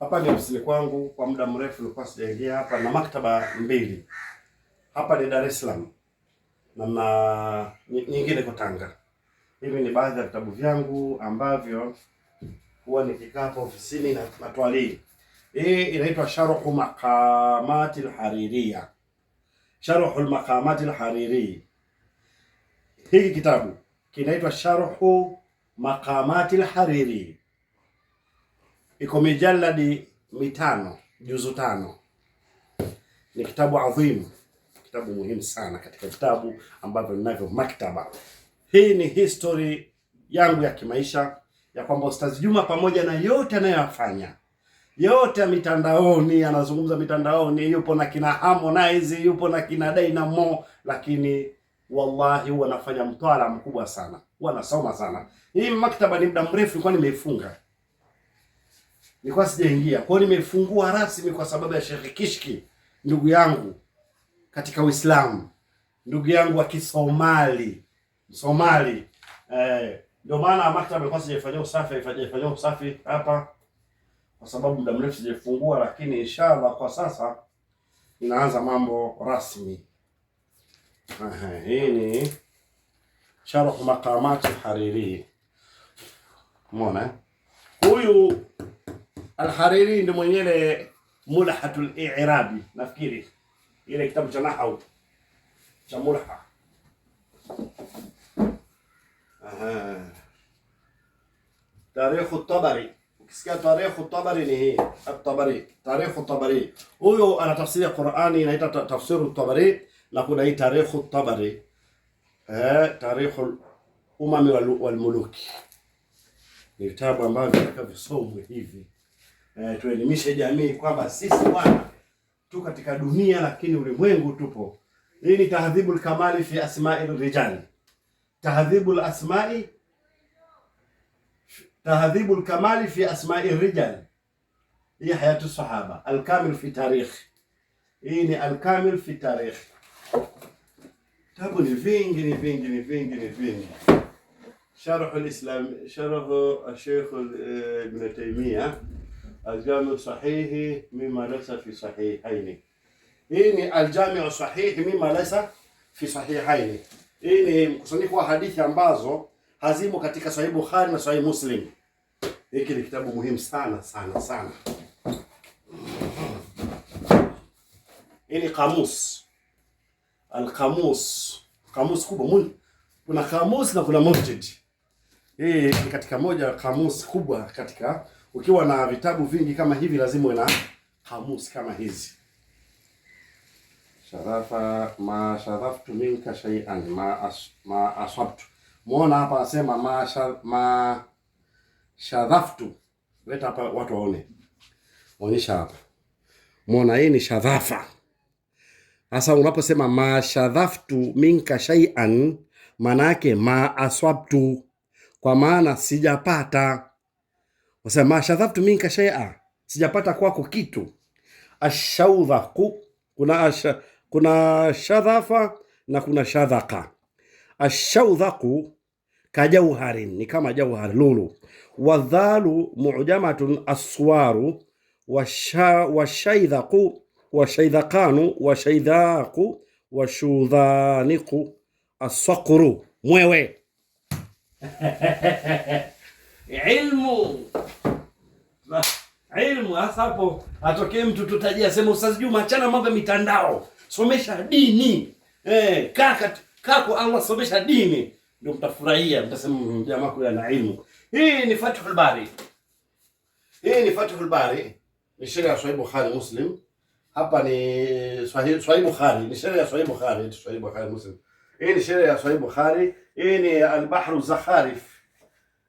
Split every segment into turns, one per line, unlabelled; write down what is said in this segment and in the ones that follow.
Hapa ni ofisini kwangu, kwa muda mrefu nilikuwa sijaingia hapa, na maktaba mbili. Hapa ni Dar es Salaam na na nyingine kwa Tanga. Hivi ni baadhi ya vitabu vyangu ambavyo huwa nikikaa hapa ofisini na natwalii. Hii inaitwa Sharhu Maqamati al-Haririya, Sharhu al-Maqamati al-Hariri. Hiki kitabu kinaitwa Sharhu Maqamati al-Hariri iko mijaladi mitano juzu tano. Ni kitabu adhimu, kitabu muhimu sana katika vitabu ambavyo ninavyo maktaba. Hii ni history yangu ya kimaisha ya kwamba Ustaz Juma pamoja na yote anayoyafanya yote mitandaoni, anazungumza mitandaoni, yupo na kina Harmonize, yupo na kina Dynamo, lakini wallahi huwa anafanya mtwala mkubwa sana, huwa anasoma sana. Hii maktaba ni muda mrefu nilikuwa nimeifunga nilikuwa sijaingia. Kwa hiyo nimefungua rasmi kwa sababu ya Sheikh Kishki, ndugu yangu katika Uislamu, ndugu yangu wa Kisomali, Somali. Eh, ndio maana maktaba ilikuwa sijaifanyia usafi, haifanyia usafi hapa kwa sababu muda mrefu sijafungua, lakini inshallah kwa sasa inaanza mambo rasmi. Aha, hii ni sharh Maqamat Hariri. Umeona eh? huyu Alhariri ndio mwenye ile mulhatul i'rabi, nafikiri ile kitabu cha nahau cha mulha. Aha, tarikhu Tabari, ukisikia tarikhu Tabari ni hii Tabari, tarikhu Tabari. Huyo anatafsiria Qur'ani, inaita tafsiru Tabari na kuna hii tarikhu Tabari, eh, tarikhu umami wal muluki ni vitabu ambavyo vitakavyosomwe hivi eh, tuelimishe jamii kwamba sisi Bwana tu katika dunia lakini ulimwengu tupo. Hii ni tahdhibul kamali fi asma'i rijali, tahdhibul asma'i, tahdhibul kamali fi asma'i rijali. Hii hayatu sahaba alkamil fi tarikh, hii ni alkamil fi tarikh. Tabu ni vingi, ni vingi, ni vingi, ni vingi. Sharh al-Islam, sharh al-Sheikh eh, Ibn Taymiyyah Aljamiu sahihi mima laysa fi sahihaini. Hii ni Aljamiu sahihi mima laysa fi sahihaini. Hii ni mkusanyiko wa hadithi ambazo hazimo katika Sahih Bukhari na Sahih Muslim. Hiki ni kitabu muhimu sana sana sana. Hii ni kamus, alkamus, kamus kubwa muni. Kuna kamus na kuna mujtahid. Hii ni katika moja kamus kubwa katika ukiwa na vitabu vingi kama hivi, lazima uwe na kamusi kama hizi. Sharafa ma sharaftu minka shay'an ma, as, ma asabtu. Muona hapa anasema ma, shar, ma sharaftu. Leta hapa watu waone, onyesha hapa. Muona hii ni shadhafa. Sasa unaposema ma sharaftu minka shay'an, maana yake ma aswabtu, kwa maana sijapata Wasema mashadhabtu minka shay'a, sijapata kwako kitu. Ashaudhaku, kuna asha, kuna shadhafa na kuna shadhaka. Ashaudhaku kajauharin, ni kama jauhari lulu. Wadhalu mujamatun aswaru washaidhaku washaidhakanu washaidhaku washudhaniku aswakuru mwewe ilmu na ilmu. Hasa hapo atokee mtu tutaji sema Ustaz Juma, achana mambo ya mitandao, somesha dini eh, kaka kako Allah, somesha dini, ndio mtafurahia, mtasema mm, mm, jamaa kule ana ilmu. Hii ni Fathul Bari, hii ni Fathul Bari, ni sheria ya Sahih Bukhari Muslim. Hapa ni Sahih Bukhari, ni sheria ya Sahih Bukhari, Sahih Bukhari Muslim. Hii ni sheria ya Sahih Bukhari, hii ni al-Bahru Zakharif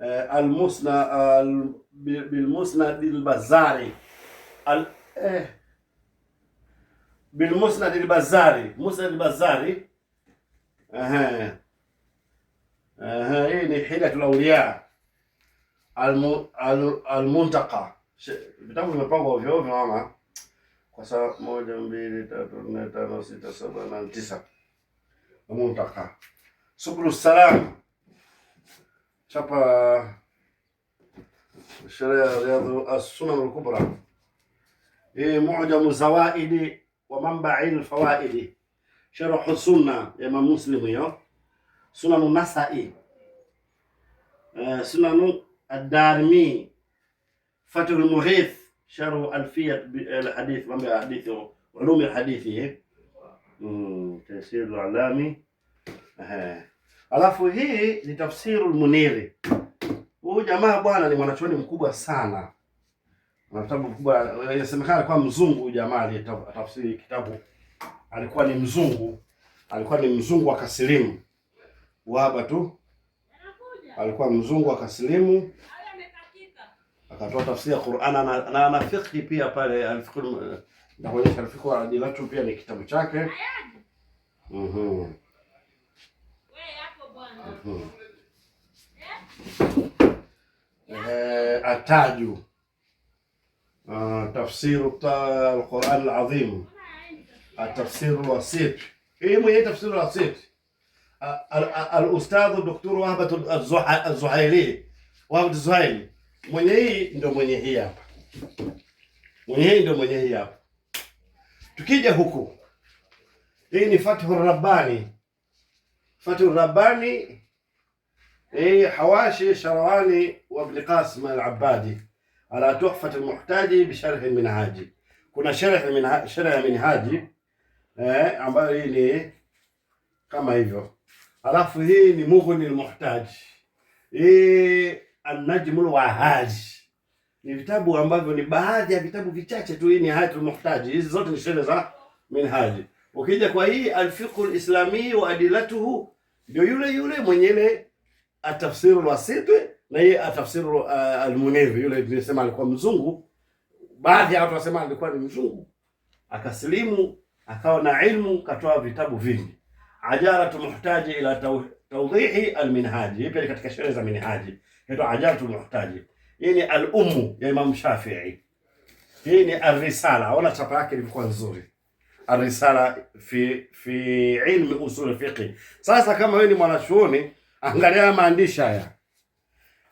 uh, almusna al, bilmusnad albazari al, eh, bilmusnad albazari musnad albazari ehe ehe, hii ni hilatul awliya almuntaqa. Vitabu vimepangwa ovyo ovyo mama, kwa sababu moja, mbili, tatu, nne, tano, sita, saba, nane, tisa. Muntaka subul salam شابا رياض السنن الكبرى معجم الزوائد ومنبع الفوائد شرح السنة إمام مسلم يو سنن النسائي سنن الدارمي فتح المغيث شرح ألفية الحديث منبع الحديث علوم الحديث تيسير العلامي أه. Alafu hii ni tafsiru Muniri. Huyu jamaa bwana ni mwanachuoni mkubwa sana, mwanachuoni mkubwa. Inasemekana alikuwa mzungu huyu jamaa aliyetafsiri kitabu, alikuwa ni mzungu, alikuwa ni mzungu kasilimu waba tu, alikuwa mzungu kasilimu akatoa tafsiri ya Qur'an na, na, fiqh pia pale al na eh, nitakuonyesha fiqh al pia ni kitabu chake. Mhm. atajwa uh, tafsiru Alquran Alazim, atafsiru Wasit. hii mwenye tafsiru lwasit ah, alustadhu Daktari Wahbat Zuhaili, Wahbat Zuhaili mwenye hii ndio mwenye hii hapa, mwenye hii ndio mwenye hii hapa. Tukija huku, hii ni Fathu Rabbani, Fathu Rabbani اي حواشي شرواني وابن قاسم العبادي على تحفة المحتاج بشرح المنهاجي. Kuna sherhe minha, sherhe minhaji eh, ambayo hii ni kama hivyo, alafu hii ni mughni almuhtaj, hii vitabu ambavyo ni baadhi ya vitabu vichache tu. Hii ni hayatul muhtaji, hizi zote ni sherhe za minhaji. Ukija kwa hii alfiqhu alislami wa adilatuhu, ndio yule yule mwenye ile atafsiru lwasiti na yeye atafsiru uh, almunivi. Yule nimesema alikuwa mzungu, baadhi ya watu wasema alikuwa ni mzungu, akasilimu akawa na ilmu, katoa vitabu vingi. Ajaratu muhtaji ila tawdihi alminhaji, hii pia katika sherehe za minhaji inaitwa ajaratu muhtaji. Hii ni al ya Imam Shafi'i. Hii ni ar ona chapa yake ilikuwa nzuri Arrisala fi fi ilmi usul fiqh. Sasa kama wewe ni mwanachuoni Angalia maandishi haya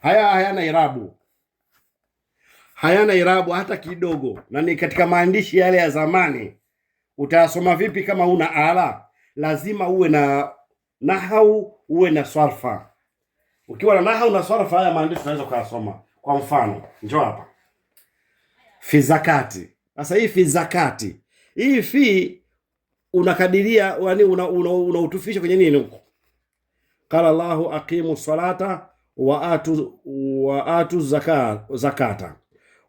haya, hayana irabu, hayana irabu hata kidogo, na ni katika maandishi yale ya zamani. Utayasoma vipi kama una ala? Lazima uwe na nahau, uwe na swarfa. Ukiwa na nahau na swarfa, haya maandishi unaweza kuyasoma. Kwa mfano, njoo hapa, fi zakati. Sasa hii fi zakati, hii fi unakadiria, yani unautufisha una, una kwenye nini huko qala llahu aqimu salata wa atu, wa atu zaka, zakata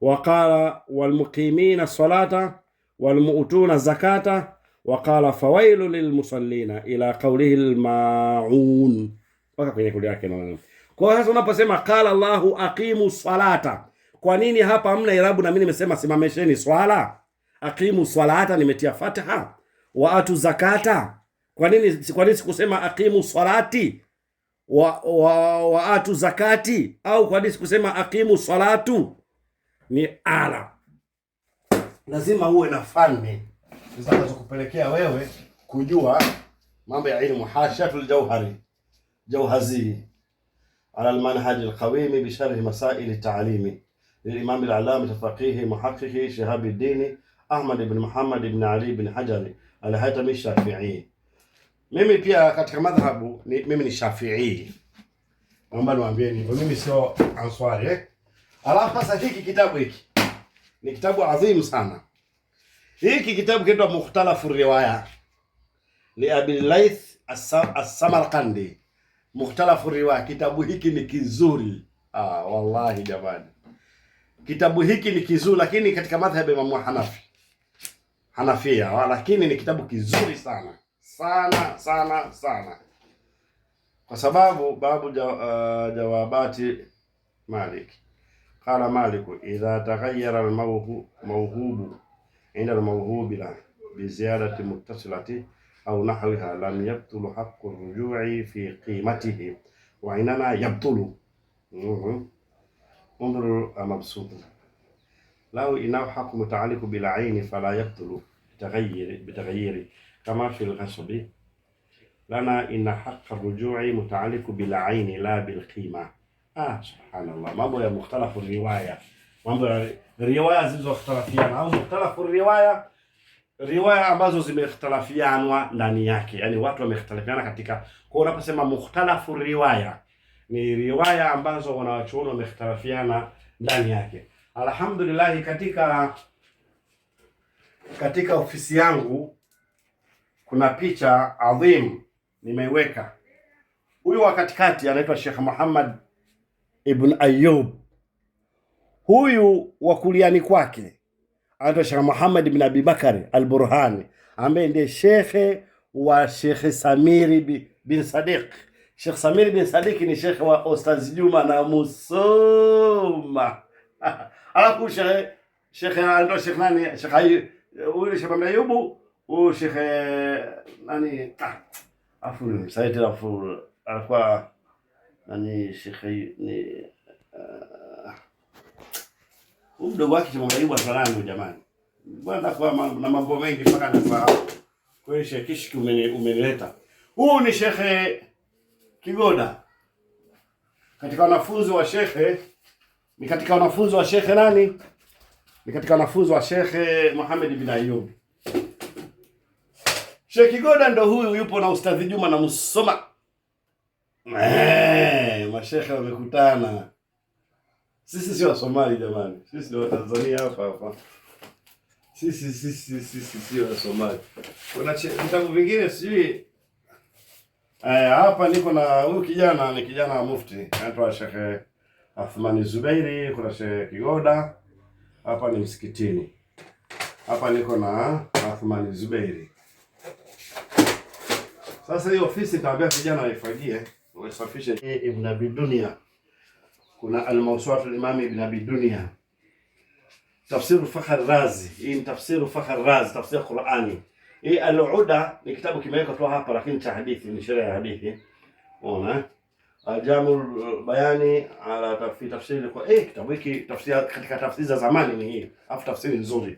waqala walmuqimina salata walmuutuna zakata waqala fawailu lilmusallina ila qaulihi lmaun mpaka kwenye kundi yake naona. Kwa hiyo sasa unaposema qala llahu aqimu salata, kwa nini hapa amna irabu? Na mimi nimesema simamesheni swala, aqimu salata nimetia fataha, wa atu zakata. Kwa nini kwa nini sikusema aqimu salati? waatu wa, wa zakati au kwa hadithi kusema akimu salatu ni ala. Lazima uwe na falme zitakazokupelekea wewe kujua mambo ya ilmu. Hashatul jauhari jauhazi ala almanhaji alqawimi sharh masail taalimi lilimam alalama faqihi muhaqiqi shihabi dini Ahmad ibn Muhammad ibn Ali ibn Hajari alhatami Shafi'i mimi pia katika madhhabu ni, mimi ni Shafii. Naomba niwaambieni hivyo, mimi sio Answari eh? Alafu sasa hiki kitabu hiki ni kitabu adhimu sana. Hiki kitabu kinaitwa Mukhtalafu Riwaya ni Abi Layth as samarqandi Mukhtalafu Riwaya, kitabu hiki ni kizuri. Ah, wallahi jamani, kitabu hiki ni kizuri, lakini katika madhhabu ya Imamu Hanafi Hanafia, lakini ni kitabu kizuri sana. sana sana sana, kwa sababu babu jawabati Malik kala Maliku idha taghayyara almawhubu inda almawhubi la biziyadati muttasilati au nahwiha lam yabtulu haqqu rujui fi qimatihi wa inana yabtulu انظروا مبسوطا له إنه mutaaliku bila بالعين فلا يبطل bitaghayyiri kama fi lghasbi lana ina haqa rujui mutaaliku bilaini la bilqima. Ah, subhanallah, mambo ya mukhtalafu riwaya, mambo ya riwaya zilizohtalafiana au mukhtalafu riwaya, riwaya ambazo zimekhtalafianwa ndani yake, yani watu wamekhtalafiana katika. Kwa unaposema mukhtalafu riwaya ni riwaya ambazo wanawachuoni wamekhtalafiana ndani yake. Alhamdulillah katika katika ofisi yangu kuna picha adhimu nimeiweka. Huyu wa katikati anaitwa Sheikh Muhammad Ibn Ayub. Huyu wa kuliani kwake anaitwa Sheikh Muhammad Ibn Abi Bakari Al-Burhani ambaye ndiye shekhe wa Sheikh Samiri bin Sadiq. Sheikh Samiri bin Sadiq ni shekhe wa Ostaz Juma na Musoma. Alafu shekhe shekhe anaitwa Sheikh nani? Sheikh huyu Sheikh Mohamed Ayubu, huyu Sheikh nani ah, afu ni msaidi afu alikuwa nani Sheikh ni uh, huyu mdogo wake Sheikh Mohamed Ayubu alikuwa jamani, bwana kwa na mambo mengi mpaka nafahamu. Kwa Sheikh Kishki umenileta. huu ni Sheikh Kigoda katika wanafunzi wa shekhe, ni katika wanafunzi wa shekhe nani ni katika wanafunzi wa Shekhe Mohamed bin Ayub. Sheikh Kigoda ndo huyu yupo na Ustadhi Juma na Musoma. Eee, mashekhe wamekutana. Sisi sio Wasomali jamani, sisi ni Watanzania hapa hapa. Sisi sisi sisi sio Wasomali. Kuna vitabu vingine sijui hapa niko na huyu kijana, ni kijana wa mufti anaitwa Sheikh Athmani Zubairi, kuna Sheikh Kigoda hapa ni msikitini. Hapa niko na Athmani Zuberi. Sasa hii ofisi kaambia vijana waifagie, waisafishe. Ibn Abi Dunya. Kuna Al-Mawsuat al-Imam Ibn Abi Dunya. Tafsiru Fakhr Razi. Hii ni tafsiru Fakhr Razi, tafsiri Qur'ani. Hii Al-Uda ni kitabu kimewekwa tu hapa lakini cha hadithi, ni sheria ya hadithi. Unaona? Aljamul ah, uh, Bayani ala tafsiri tafsiri kwa eh, kitabu hiki tafsiri katika tafsiri za zamani ni hii, afu tafsiri nzuri,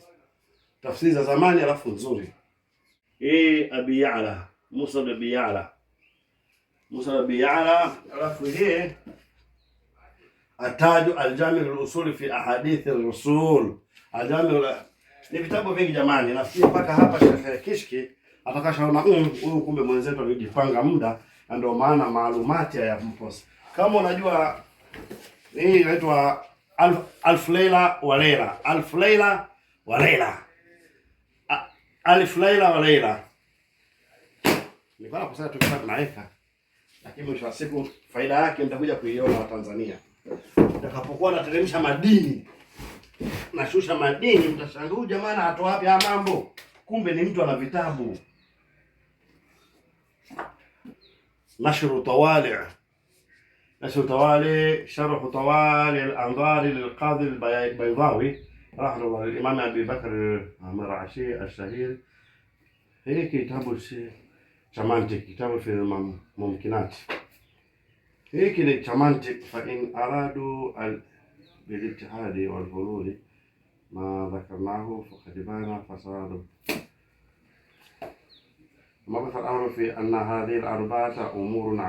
tafsiri za zamani alafu nzuri hii. E, Abi Ya'la Musa bin Abi Ya'la Musa bin Ya'la, alafu hii ataju Aljami usul fi ahadith ar-Rasul. ni vitabu vingi jamani, nafikiri mpaka hapa Sheikh Kishki atakashaona mm, huyu, kumbe mwenzetu alijipanga muda na ndio maana maalumati ya mpos. Kama unajua hii inaitwa alf, alf Laila Walela, alf Laila wa alf Nilikuwa tukisema tunaweka, lakini mwisho wa siku faida yake nitakuja kuiona Watanzania nitakapokuwa nateremsha madini nashusha madini, mtashangaa huyu jamaa wapi haya mambo? Kumbe ni mtu ana vitabu. نشر طوالع نشر طوالع شرح طوالع الأنظار للقاضي البيضاوي راح الله الإمام أبي بكر عشي الشهير هي كتاب شمانتك كتاب في الممكنات هيك للشمانتك فإن أرادوا بالابتهاد بالاجتهاد ما ذكرناه فقد بان فساد مبحث الأمر في أن هذه الأربعة أمور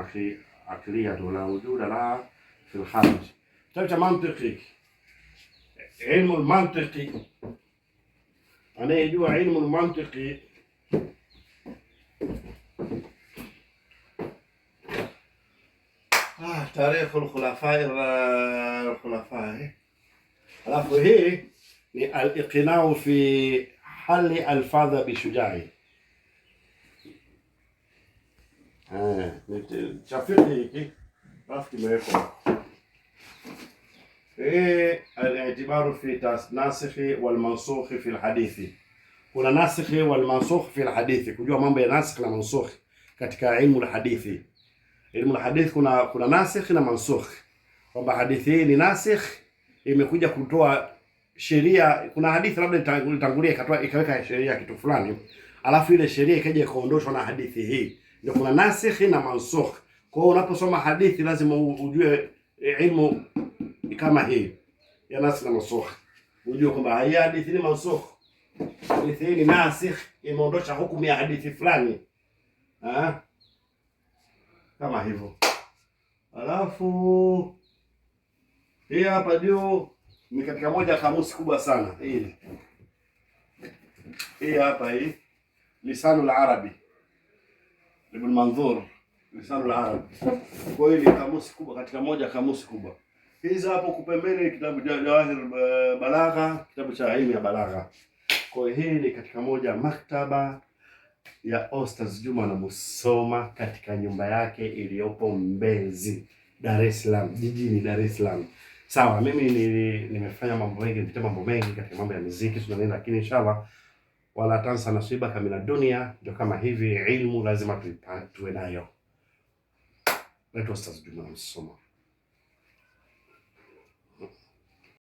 عقلية لا وجود لها في الخارج تبقى منطقي علم المنطقي أنا يجوا علم المنطقي آه تاريخ الخلفاء الخلفاء عرفوا هي الإقناع في حل ألفاظ بشجاعي Eh, Chafiki hiki rafu kimewekwa eh, al fi nasikhi wal fi al Kuna nasikhi wal fi al kujua mambo ya nasikhi na mansukhi katika ilmu al-hadithi. Ilmu al kuna kuna nasikhi na mansukhi, kwamba hadithi hii ni nasikhi, imekuja kutoa sheria. Kuna hadithi labda itangulia ikatoa ikaweka sheria kitu fulani, alafu ile sheria ikaja ikaondoshwa na hadithi hii ndio kuna nasikh na mansukh. Kwa hiyo unaposoma hadithi lazima ujue eh, ilmu kama hii ya nasikh na mansukh, ujue kwamba hii hadithi ni mansukh, hadithi ni nasikh, imeondosha hukumu ya hadithi fulani ha? kama hivyo. Alafu hii hapa juu ni katika moja kamusi kubwa sana hii hii hapa hii Lisanul Arabi Ibn Manzur Lisanul Arab. Kwa hiyo ni kamusi kubwa katika moja kamusi kubwa. Hizi hapo kupembeni kitabu cha Jawahir eh, Balagha, kitabu cha elimu ya balagha. Kwa hiyo hii ni katika moja maktaba ya Ostaz Juma na Musoma katika nyumba yake iliyopo Mbezi, Dar es Salaam, jijini Dar es Salaam. Sawa, mimi nimefanya mambo mengi, nipita mambo mengi katika mambo ya muziki tunaenda, lakini inshallah wala tansa nasibaka mina dunia. Ndio kama hivi, ilmu lazima tuwe nayo. Let us